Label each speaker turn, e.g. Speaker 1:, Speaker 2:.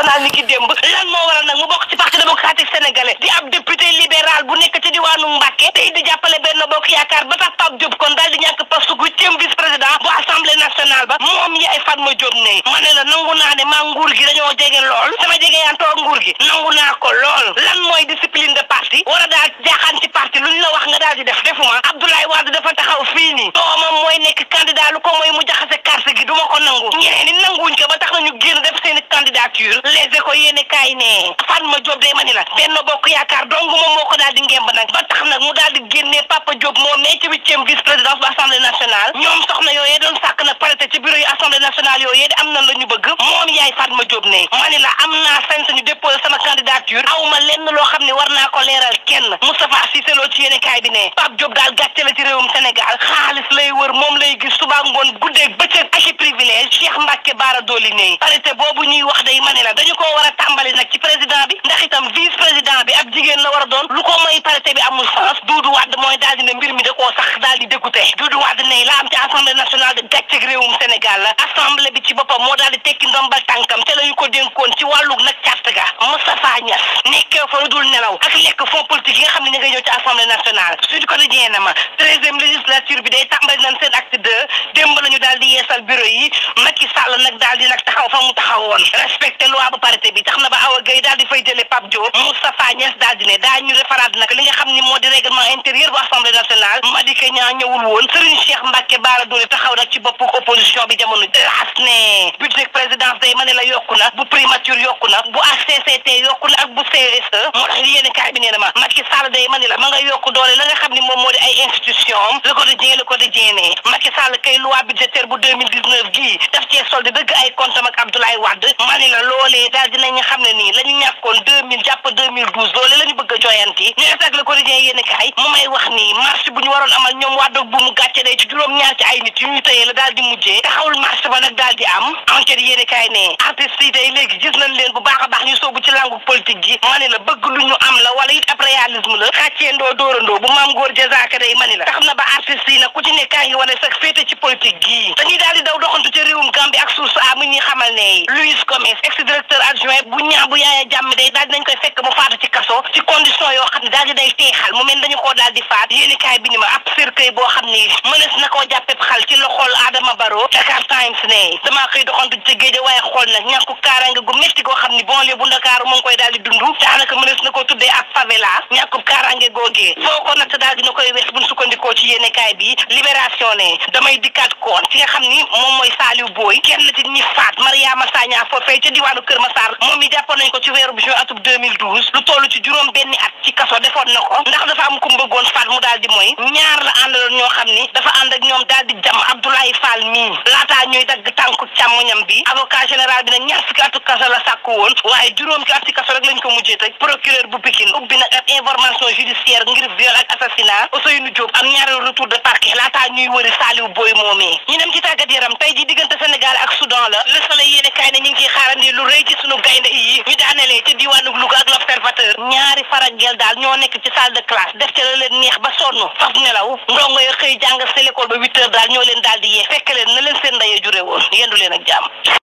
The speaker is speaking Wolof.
Speaker 1: nationale ni ki démb lan moo waral nag mu bokk ci parti démocratique sénégalais di ab député libéral bu nekk ci diwaanu Mbàkke tey di jàppale benn bokk yaakaar ba tax Pape Diop kon daal ñàkk poste gu cëm bu assemblée nationale ba moom yaay Fatma Diop ne ma ne la nangu naa ne maa nguur gi dañoo jege lool sama jege yaan nguur gi nangu naa ko lool lan mooy discipline de parti war a daal jaaxaan ci parti lu ñu la wax nga daal di def defuma Abdoulaye Wade dafa taxaw fii candidature les éco yéene kaay ne Fatma Diop day ma ni la Benno Bokk Yaakaar dong moom moo ko daal di ngemb nag ba tax nag mu daal di Papa Diop moom ne ci huitième vice présidence bu assemblée nationale ñoom soxna yooyee doon sàkk nag ci bureau yu assemblée nationale yooyee am na la ñu bëgg moom yaay Fatma Diop ne ma la am naa sañ-sañ ñu sama candidature aw lenn loo xam ne war naa ko leeral kenn Moustapha Cissé Lo ci yéene kaay bi ne Pape Diop daal gàcce la ci réewum Sénégal xaalis Mbacke Baara Doli ne parité boobu ñuy wax day ma ne la dañu ko war a tàmbali nag ci bi ndax itam vice président bi ab jigéen la war a doon lu ko bi amul sens Doudou Wade mooy daal di ne mbir da koo sax daal di dégoûté Doudou Wade ne la am ci assemblée nationale de gàcceeg réewum Sénégal bi ci boppam moo daal di tekki ndombal tànkam te la ñu ko dénkoon ci wàllu nag carte ga Moustapha Niass nekkee fa lu dul nelaw ak lekk fond politique yi nga xam ne ñu ngay ñëw ci Sud Quotidien na ma treizième législature bi day tàmbali nañ seen acte deux démb la ñu daal di yeesal bureau yi Macky Sall nag daal di nag taxaw fa mu loi ba parité bi tax na ba Awa Gueye daal di fay jëlee Pape Diop Moustapha Niass daal di ne daa ñu référendum nag li nga xam ni moo di règlement bu assemblée nationale Madické Niang ñëwul woon Serigne Cheikh Mbacké Bara Dolly PDS ah, moo tax yéen kaay bi na ma Macky Sall day ma ni la ma ni moom ñoom le quotidien le quotidien ne Macky Sall kay loi budgétaire bu 2019 gii daf cee solde dëgg ay comptam ak Abdoulaye Wade mani la loolee daal dinañu xam ne nii la ñu ñàkkoon 2000 jàpp 2012 loolee la ñu bëgg a joyanti ñu nekk ak le quotidien yéen wax nii marche bu ñu waroon amal ñoom wàddoog bu mu gàcce day ci juróom-ñaar ci ay nit yu ñu tëyee la daal di mujjee taxawul marche ba nag daal di am enquête yéen kaay ne artistes yi day leen bu baax a baax ñu soobu ci langu gi mani la bëgg lu la wala it ab réalisme la xàcceendoo dóorandoo bu maam na ba artistes yi nag ku ci nekk kaa ngi wane sax féete ci politique gii dañuy daal di daw doxantu ci réewum Gambie ak source a mu ñuy xamal ne Louis Gomes ex directeur adjoint bu ñaa bu yaaya jàmm day daal dinañ koy fekk mu faatu ci kaso ci condition yoo xam daal di day teexal mu mel dañu koo daal di faat yéeni kaay bi ni ma ab cercueil boo xam ni mënees na koo ak favela ñàkku ko natt daal dina koy wees buñ sukkandikoo ci yéeni kaay bi libération ne damay dikkaat koon ci nga xam ni moom mooy Saliou lu toll ci juróom benni at ci kaso defoon na ko ndax dafa am ku mu bëggoon faat mu daal di mooy ñaar la àndaloon ñoo xam ni dafa ànd ak ñoom daal di jam Abdoulaye Fall mii laataa ñuy dagg tànku càmmoñam bi avocat général bi nag ñaar fukki atu kaso la sàkku woon waaye juróom ati kaso rek lañ ko mujjee tëj procureur bu Pikine ubbi nag ab information judiciaire ngir viol ak assassinat Ousseynou Diop am ñaareelu retour de parquet laataa ñuy wëri Saliou Boy moomee ñu ci tàggat yaram tey ji diggante Sénégal ak Soudan la Le Soleil yéene kaay ne ñu ngi ciy xaarandi lu rëy ci sunu gaynde yi ñu daanelee te diwaanu Louga ak l'observateur ñaari faragel daal ñoo nekk ci salle de classe def ca la leen neex ba sonn faf nelaw ndongo ya xëy jàng sa l'école ba huit heures daal ñoo leen daal di yee leen na leen woon yendu leen ak jàmm